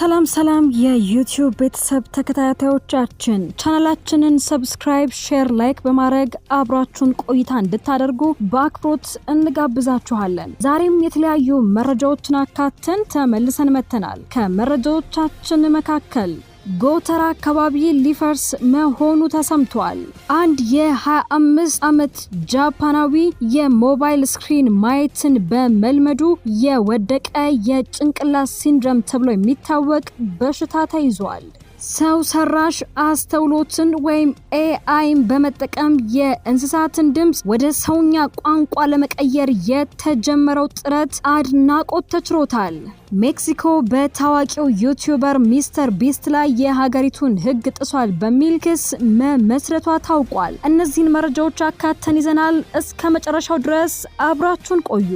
ሰላም ሰላም የዩቲዩብ ቤተሰብ ተከታታዮቻችን ቻናላችንን ሰብስክራይብ፣ ሼር፣ ላይክ በማድረግ አብራችሁን ቆይታ እንድታደርጉ በአክብሮት እንጋብዛችኋለን። ዛሬም የተለያዩ መረጃዎችን አካተን ተመልሰን መጥተናል። ከመረጃዎቻችን መካከል ጎተራ አካባቢ ሊፈርስ መሆኑ ተሰምቷል። አንድ የ25 ዓመት ጃፓናዊ የሞባይል ስክሪን ማየትን በመልመዱ የወደቀ የጭንቅላት ሲንድረም ተብሎ የሚታወቅ በሽታ ተይዟል። ሰው ሰራሽ አስተውሎትን ወይም ኤአይን በመጠቀም የእንስሳትን ድምፅ ወደ ሰውኛ ቋንቋ ለመቀየር የተጀመረው ጥረት አድናቆት ተችሮታል። ሜክሲኮ በታዋቂው ዩቲዩበር ሚስተር ቢስት ላይ የሀገሪቱን ሕግ ጥሷል በሚል ክስ መመስረቷ ታውቋል። እነዚህን መረጃዎች አካተን ይዘናል። እስከ መጨረሻው ድረስ አብራችሁን ቆዩ።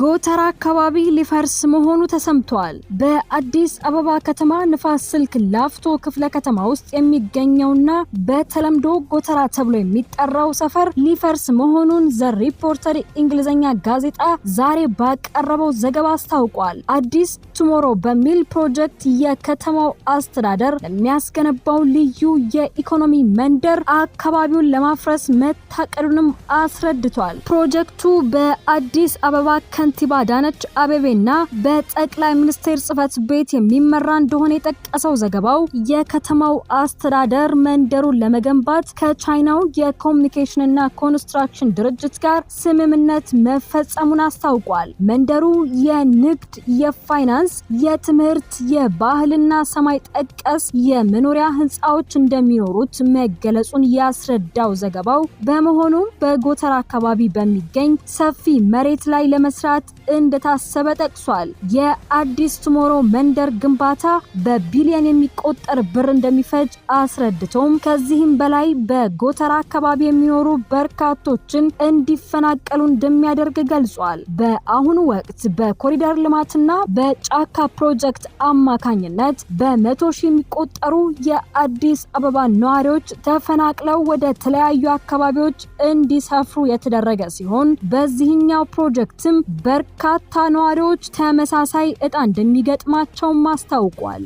ጎተራ አካባቢ ሊፈርስ መሆኑ ተሰምቷል። በአዲስ አበባ ከተማ ንፋስ ስልክ ላፍቶ ክፍለ ከተማ ውስጥ የሚገኘውና በተለምዶ ጎተራ ተብሎ የሚጠራው ሰፈር ሊፈርስ መሆኑን ዘ ሪፖርተር እንግሊዝኛ ጋዜጣ ዛሬ ባቀረበው ዘገባ አስታውቋል። አዲስ ቱሞሮ በሚል ፕሮጀክት የከተማው አስተዳደር ለሚያስገነባው ልዩ የኢኮኖሚ መንደር አካባቢውን ለማፍረስ መታቀዱንም አስረድቷል። ፕሮጀክቱ በአዲስ አበባ ከንቲባ አዳነች አቤቤና በጠቅላይ ሚኒስቴር ጽህፈት ቤት የሚመራ እንደሆነ የጠቀሰው ዘገባው የከተማው አስተዳደር መንደሩን ለመገንባት ከቻይናው የኮሚኒኬሽንና ኮንስትራክሽን ድርጅት ጋር ስምምነት መፈጸሙን አስታውቋል። መንደሩ የንግድ፣ የፋይናንስ፣ የትምህርት፣ የባህልና ሰማይ ጠቀስ የመኖሪያ ህንፃዎች እንደሚኖሩት መገለጹን ያስረዳው ዘገባው በመሆኑም በጎተራ አካባቢ በሚገኝ ሰፊ መሬት ላይ ለመስ ለማስሻት እንደታሰበ ጠቅሷል። የአዲስ ትሞሮ መንደር ግንባታ በቢሊየን የሚቆጠር ብር እንደሚፈጅ አስረድቶም ከዚህም በላይ በጎተራ አካባቢ የሚኖሩ በርካቶችን እንዲፈናቀሉ እንደሚያደርግ ገልጿል። በአሁኑ ወቅት በኮሪደር ልማትና በጫካ ፕሮጀክት አማካኝነት በመቶ ሺህ የሚቆጠሩ የአዲስ አበባ ነዋሪዎች ተፈናቅለው ወደ ተለያዩ አካባቢዎች እንዲሰፍሩ የተደረገ ሲሆን በዚህኛው ፕሮጀክትም በርካታ ነዋሪዎች ተመሳሳይ ዕጣ እንደሚገጥማቸው አስታውቋል።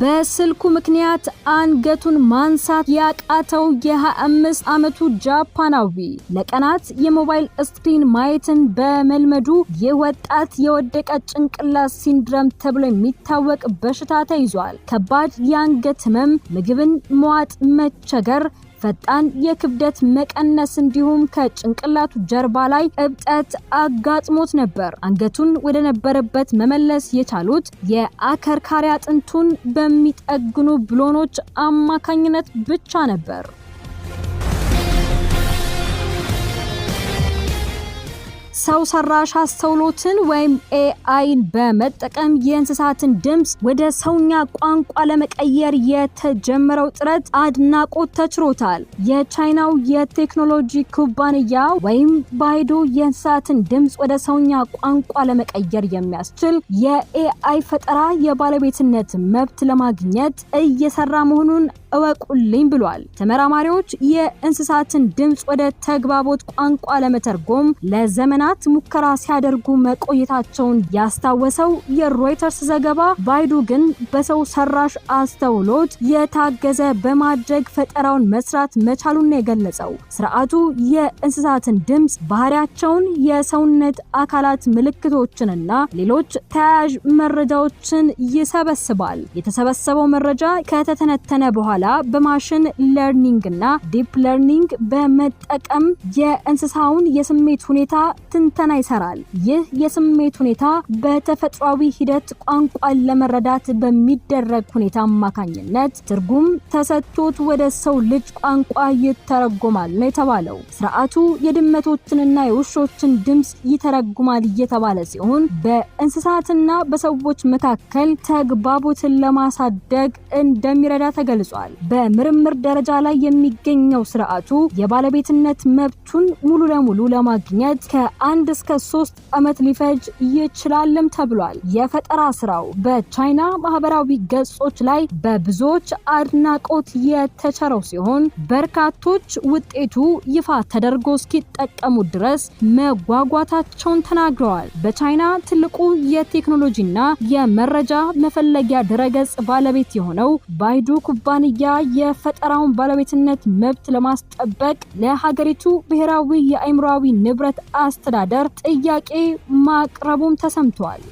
በስልኩ ምክንያት አንገቱን ማንሳት ያቃተው የ25 ዓመቱ ጃፓናዊ ለቀናት የሞባይል ስክሪን ማየትን በመልመዱ የወጣት የወደቀ ጭንቅላት ሲንድረም ተብሎ የሚታወቅ በሽታ ተይዟል። ከባድ የአንገት ህመም፣ ምግብን መዋጥ መቸገር፣ ፈጣን የክብደት መቀነስ እንዲሁም ከጭንቅላቱ ጀርባ ላይ እብጠት አጋጥሞት ነበር። አንገቱን ወደ ነበረበት መመለስ የቻሉት የአከርካሪ አጥንቱን በሚጠግኑ ብሎኖች አማካኝነት ብቻ ነበር። ሰው ሰራሽ አስተውሎትን ወይም ኤአይን በመጠቀም የእንስሳትን ድምፅ ወደ ሰውኛ ቋንቋ ለመቀየር የተጀመረው ጥረት አድናቆት ተችሮታል። የቻይናው የቴክኖሎጂ ኩባንያ ወይም ባይዶ የእንስሳትን ድምፅ ወደ ሰውኛ ቋንቋ ለመቀየር የሚያስችል የኤአይ ፈጠራ የባለቤትነት መብት ለማግኘት እየሰራ መሆኑን እወቁልኝ ብሏል። ተመራማሪዎች የእንስሳትን ድምፅ ወደ ተግባቦት ቋንቋ ለመተርጎም ለዘመናት ሙከራ ሲያደርጉ መቆየታቸውን ያስታወሰው የሮይተርስ ዘገባ ባይዱ ግን በሰው ሰራሽ አስተውሎት የታገዘ በማድረግ ፈጠራውን መስራት መቻሉን የገለጸው ስርዓቱ የእንስሳትን ድምፅ፣ ባህሪያቸውን፣ የሰውነት አካላት ምልክቶችንና ሌሎች ተያያዥ መረጃዎችን ይሰበስባል። የተሰበሰበው መረጃ ከተተነተነ በኋላ በኋላ በማሽን ለርኒንግ እና ዲፕ ለርኒንግ በመጠቀም የእንስሳውን የስሜት ሁኔታ ትንተና ይሰራል። ይህ የስሜት ሁኔታ በተፈጥሯዊ ሂደት ቋንቋን ለመረዳት በሚደረግ ሁኔታ አማካኝነት ትርጉም ተሰጥቶት ወደ ሰው ልጅ ቋንቋ ይተረጎማል ነው የተባለው። ስርዓቱ የድመቶችንና የውሾችን ድምፅ ይተረጉማል እየተባለ ሲሆን በእንስሳትና በሰዎች መካከል ተግባቦትን ለማሳደግ እንደሚረዳ ተገልጿል። ተገልጿል። በምርምር ደረጃ ላይ የሚገኘው ስርዓቱ የባለቤትነት መብቱን ሙሉ ለሙሉ ለማግኘት ከአንድ እስከ ሶስት ዓመት ሊፈጅ ይችላልም ተብሏል። የፈጠራ ስራው በቻይና ማህበራዊ ገጾች ላይ በብዙዎች አድናቆት የተቸረው ሲሆን በርካቶች ውጤቱ ይፋ ተደርጎ እስኪጠቀሙ ድረስ መጓጓታቸውን ተናግረዋል። በቻይና ትልቁ የቴክኖሎጂና የመረጃ መፈለጊያ ድረገጽ ባለቤት የሆነው ባይዱ ኩባንያ ኩባንያ የፈጠራውን ባለቤትነት መብት ለማስጠበቅ ለሀገሪቱ ብሔራዊ የአእምሯዊ ንብረት አስተዳደር ጥያቄ ማቅረቡም ተሰምቷል።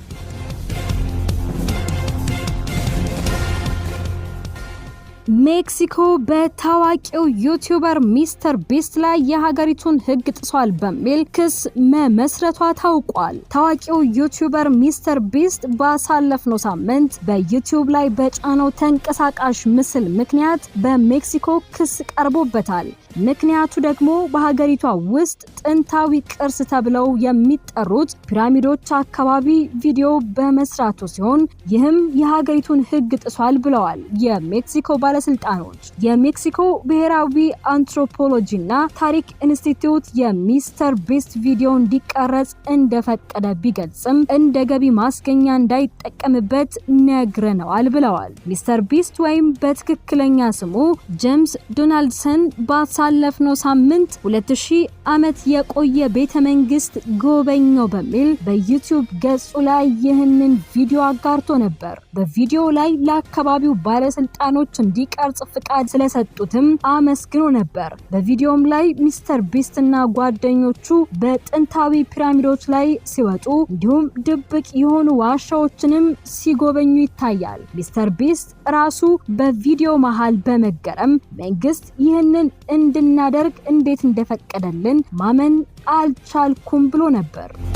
ሜክሲኮ በታዋቂው ዩቲዩበር ሚስተር ቢስት ላይ የሀገሪቱን ሕግ ጥሷል በሚል ክስ መመስረቷ ታውቋል። ታዋቂው ዩቲዩበር ሚስተር ቢስት ባሳለፍነው ሳምንት በዩቲዩብ ላይ በጫነው ተንቀሳቃሽ ምስል ምክንያት በሜክሲኮ ክስ ቀርቦበታል። ምክንያቱ ደግሞ በሀገሪቷ ውስጥ ጥንታዊ ቅርስ ተብለው የሚጠሩት ፒራሚዶች አካባቢ ቪዲዮ በመስራቱ ሲሆን ይህም የሀገሪቱን ሕግ ጥሷል ብለዋል የሜክሲኮ ባለ ባለስልጣኖች የሜክሲኮ ብሔራዊ አንትሮፖሎጂና ታሪክ ኢንስቲትዩት የሚስተር ቢስት ቪዲዮ እንዲቀረጽ እንደፈቀደ ቢገልጽም እንደ ገቢ ማስገኛ እንዳይጠቀምበት ነግረነዋል ብለዋል። ሚስተር ቢስት ወይም በትክክለኛ ስሙ ጄምስ ዶናልድሰን ባሳለፍነው ሳምንት 2000 ዓመት የቆየ ቤተ መንግስት ጎበኘው በሚል በዩቲዩብ ገጹ ላይ ይህንን ቪዲዮ አጋርቶ ነበር። በቪዲዮው ላይ ለአካባቢው ባለስልጣኖች እንዲ እንዲቀርጽ ፍቃድ ስለሰጡትም አመስግኖ ነበር። በቪዲዮም ላይ ሚስተር ቢስት እና ጓደኞቹ በጥንታዊ ፒራሚዶች ላይ ሲወጡ እንዲሁም ድብቅ የሆኑ ዋሻዎችንም ሲጎበኙ ይታያል። ሚስተር ቢስት ራሱ በቪዲዮ መሃል በመገረም መንግስት ይህንን እንድናደርግ እንዴት እንደፈቀደልን ማመን አልቻልኩም ብሎ ነበር።